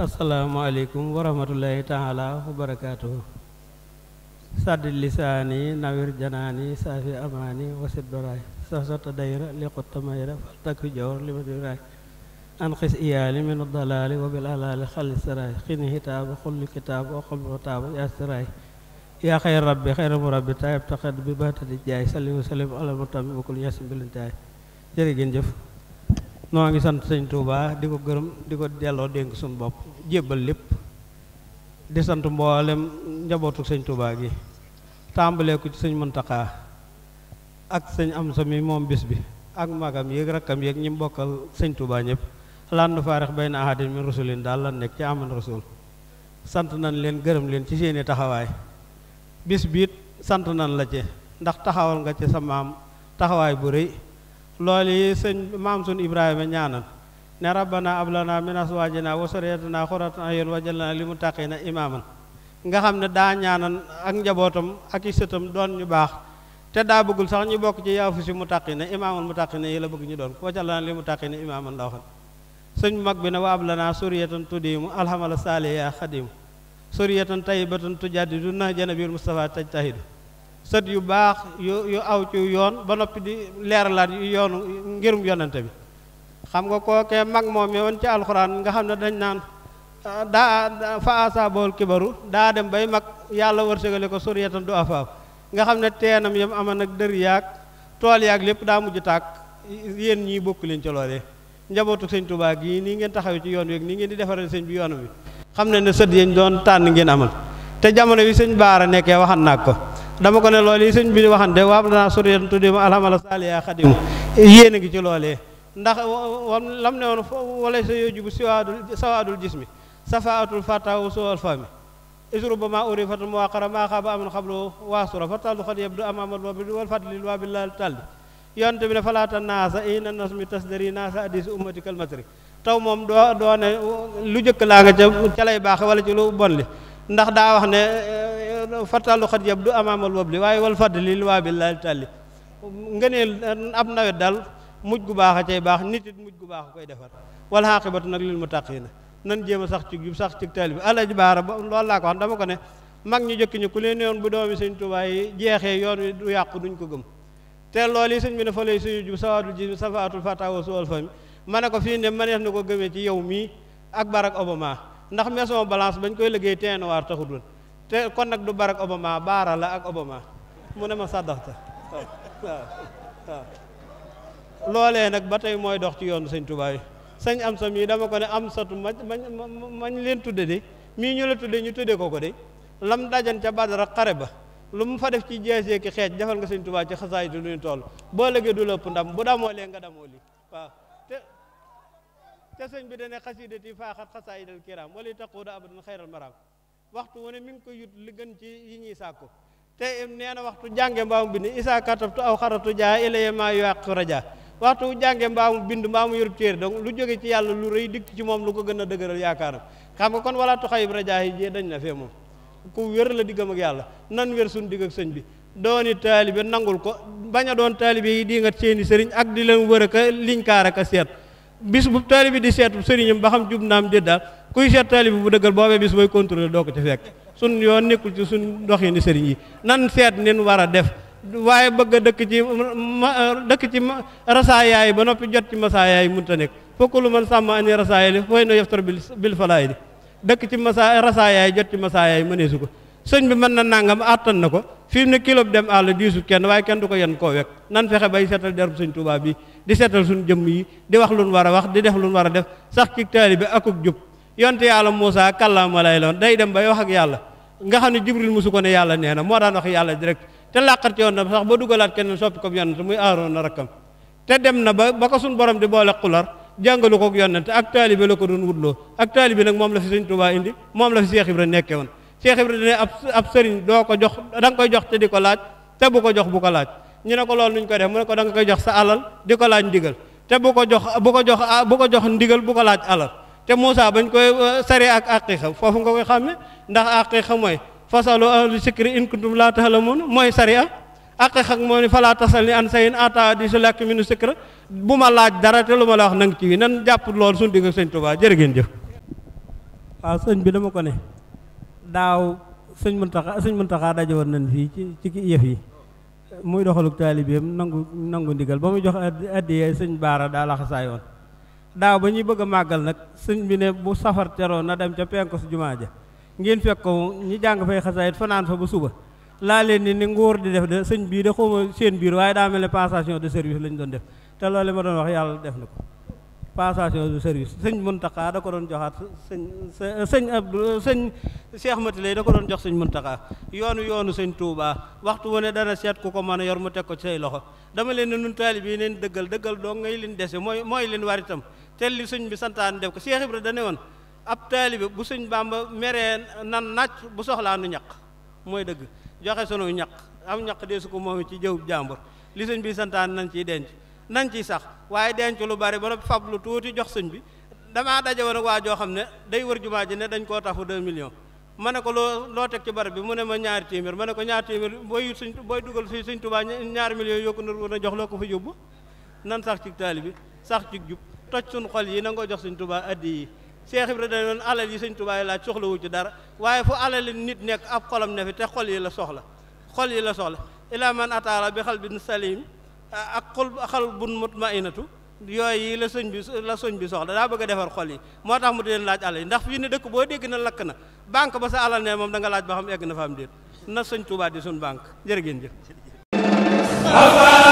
asalaamaaleykum wa rahmatullahi taala wa barakaatuhu saddi lisaani nawir janaani saafi amaani wasit doraay sasota dayra liqutta mayra faltakfi jawr limadiraay anqis iyaali min dalaali wa bil alaali xalli siraay xini hitaaba xulli kitaaba wa xulli wataaba yaa siraay yaa xayr rabbi xayra mu rabbi taayib taqad bi baatati jaay salli wa sallim ala mutami wa kul yasin bilintaay jërë ngeen jëf noo ngi sant sëñ Tuubaa di ko gërëm di ko delloo dénk suñu bopp jébbal lépp di sant mboolem njabootu sëñ Touba gi tàmbalee ku ci sëñ Muntaxaa ak sëñ am Amsa mi moom bis bi ak magam yéeg rakkam yéeg ñi bokkal sëñ Touba ñëpp lan nu faarix bay na ahadin min rasulin daal la nekk ci aman rasul sant nañ leen gërëm leen ci seeni taxawaay bis biit sant nañ la ci ndax taxawal nga ci sa maam taxawaay bu rëy loolu yi sëñ maam sun Ibrahima ñaanal ne rabbana ablana min aswaajina wa suriyatina xuratan ayun wajalna li muttaqina imaaman nga xam ne daa ñaanan ak njabootam ak i sëtam doon ñu baax te daa bëggul sax ñu bokk ci yaafu si muttaqina imaaman muttaqina yi la bëgg ñu doon koo wajalna li muttaqina imaaman la waxoon sëñ mag bi ne wa ablana suriyatan tudiimu alhamala saaliya xadimu suriyatan tayyibatan tujaddidu nahjana bil mustafa tajtahidu sët yu baax yu yu aw ci yoon ba noppi di leeralaat yu yoonu ngirum yonante bi xam nga kookee mag moom yowoon ci alxuraan nga xam ne dañ naan ah, daa fa asaabool kibaru daa dem bay mag yàlla wërsëgale ko suryatan du afaaf nga xam ne teenam yam aman ak dër yaag tool yaag lépp daa mujj tàkk yéen ñii bokk leen ci loolee njabootu sëñ Tuubaa gii nii ngeen taxaw ci yoon wi nii ngeen di defaral sëñ bi yoon wi xam ne ne sët yañ doon tànn ngeen amal te jamono yi sëñ baara nekkee waxan naa ko dama ko ne loolu yi sëñ bi di waxante waam lanaa suryatan tuddima alhamala saaliya xadimu yéen a ngi ci ndax lam neewon walay sa yojubu siwadul sawadul jismi safaatul fatawu suwal fami isruba ma urifatul muwaqara ma xaaba aman xablu waasura fataldu khad yabdu amamal wabil wal fadlil wabilal tal yant bi ne falaata naasa ina nasmi tasdari naasa addisi ummati kalmatri taw mom do do ne lu jëkk la nga ci lay bax wala ci lu bon li ndax da wax ne fatalu khad yabdu du al wabli waaye wal fadli li waa bi laal ngëneel ab nawet dal mujj gu baax a cay baax nit it mujj gu baax koy defar wal xaaqibatu nag lil na nan jéem a sax ci jub sax ci taali bi alaji baara ba lool laa ko wax dama ko ne mag ñu jëkk ñu ku leen yoon bu doomi sëñ Tuubaa yi jeexee yoon wi du yàqu duñ ko gëm te loolu yi sëñ bi ne fa lay suñu jub sawaatul ji safaatul fatawa suwal fami ma ne ko fii ne manees na ko gëmee ci yow mii ak Barack Obama ndax maison balance bañ koy liggéey teenwaar taxut woon kon nag du Barack Obama baara ak Obama mu ma sàddaxta lolé nak batay moy dox ci yoonu seigne touba yi sëñ am sa mii dama ko ne am satu mañ leen tudde de mi ñu la tudde ñu tudde ko ko de lam dajan ca Badara xare ba lu mu fa def ci jeesee ki xeej defal nga seigne touba ci xasaay du ñu toll bo légee du lepp ndam bu damo lee nga damo li wa te te seigne bi dane xasidati faaxat xasaayidal kiram wali taqulu abadan xayral maram waxtu woné mi ngi ko yut li gën ci yi ñi sàkku te nee waxtu jànge mbaam bi ni isa katabtu aw kharatu jaa ilayma maa raja waxtu wu jàngee mbaa mu bind mbaa mu yorub téere donc lu jóge ci yàlla lu rëy dikk ci moom lu ko gën a dëgëral yaakaaram xam nga kon wala toxayib rajaa yi jee dañ na fee moom ku wér la diggam ak yàlla nan wér suñ digg ak sëñ bi dooni taalibe nangul ko bañ a doon taalibe yi dii nga seeni sëriñ ak di leen wër aka liñ kaar aka seet bis bu taalibe di seet sëriñam ba xam jub naam déet daal kuy seet taalibe bu dëggal boobee bis booy contrôler doo ko ci fekk sun yoon nekkul ci suñ doxini sëriñ yi nan seet nin war a def waaye bëgg a dëkk ci dëkk ci rasaayaay ba noppi jot ci masaayaay ta nekk fokk lu man sàmm ani rasaayaay li fooy na yeftar bil bil falaay di dëkk ci masa rasaayaay jot ci masaayaay mëneesu ko sëñ bi mën na nangam àttan na ko fii mu ne kilo bi dem àll diisut kenn waaye kenn du ko yen koo wekk nan fexe bay seetal derb sëñ Tuubaa bi di seetal suñ jëm yi di wax lu nu war a wax di def lu nu war a def sax ci taalibe akuk jub yonte yàlla Muusaa kàllaama lay loon day dem bay wax ak yàlla nga xam ne Jibril musu ko ne yàlla nee na moo daan wax yàlla direct te làqat yoon sax ba dugalaat kenn soppi ko yonent muy aaroon na rakkam te dem na ba ba ko suñ borom di boole xular jàngalu ko yonent ak taalibe la ko doon wutloo ak taalibe nag moom la fi Sëriñ Tuubaa indi moom la fi Cheikh Ibra nekke woon Cheikh Ibra ne ab ab sëriñ doo ko jox danga koy jox te di ko laaj te bu ko jox bu ko laaj ñu ne ko loolu nuñ koy def mu ne ko da koy jox sa alal di ko ndigal te bu ko jox bu ko jox bu ko jox ndigal bu ko laaj alal te ba bañ koy euh, sare ak aqiqa foofu nga koy xàmme ndax aqiqa mooy fasalu ahli sikri in kuntum la tahlamun moy sharia ak xak moo fala tasalni an sayin ata di sulak min minu sikra bu laaj dara te luma la wax nang ci nan japp lool sun digg seigne touba jërë ngeen jëf waaw bi dama ko ne daaw seigne muntaha seigne muntaha daje won nan fi ci ci yef yi muy doxaluk talibem nangu nangu ndigal bamuy jox addi seigne bara da la daaw bañuy bëgg magal nak seigne bi ne bu safar téro na dem ca su ngeen fekk ko ñi jàng fay xasaayit fanaan fa ba suba laa leen ni ni nguur di def de sëñ bii de xawma seen biir waaye daa mel ne passation de service lañ doon def te loolu ma doon wax yàlla def na ko passation de service sëñ Muntaxa da ko doon joxaat sëñ sëñ Abdou sëñ Cheikh Mati lay da ko doon jox sëñ Muntaxa yoonu yoonu sëñ Touba waxtu wu ne dana seet ku ko mën a yor mu teg ko ci say loxo dama leen ne nun taalib yi neen dëggal dëggal doo ngay leen dese mooy mooy leen war itam te santaan def ko Cheikh Ibra da ne woon ab taalibe bu sëñ bàmba meree nan naaj bu soxlaa nu ñaq mooy dëgg joxe sunu ñaq am ñaq dee su ko moom ci jëw jàmbur li sëñ bi santaan nañ ciy denc nañ ciy sax waaye denc lu bari ba noppi fab lu tuuti jox sëñ bi damaa daje woon ak waa joo xam ne day wër jumaa ji ne dañ koo tafu 2 million ma ne ko loo loo teg ci barab bi mu ne ma ñaari téeméer ma ne ko ñaari téeméer booy suñ booy dugal fii suñ tubaa ñaari millions yokku na woon a jox loo ko fa yóbbu nan sax ci taali bi sax ci jub toj suñ xol yi nangoo jox suñ tubaa addi شيخ ابن دلال على لي سنتو باي لا تخلو وجه دار واي فو على لي نيت نيك اب خولم نفي تي يلا سوخلا خول يلا سوخلا الا من اتى على بخلب سليم اك قلب خلب مطمئنه يوي يي لا سنج لا سنج بي سوخلا دا بغا ديفار خول لي موتاخ مودي لا علي ندخ في ني دك بو ديغ نا لكنا بانك با على ني موم داغا لاج با خام ايغ دير نا سنج توبا دي سون بانك جيرغين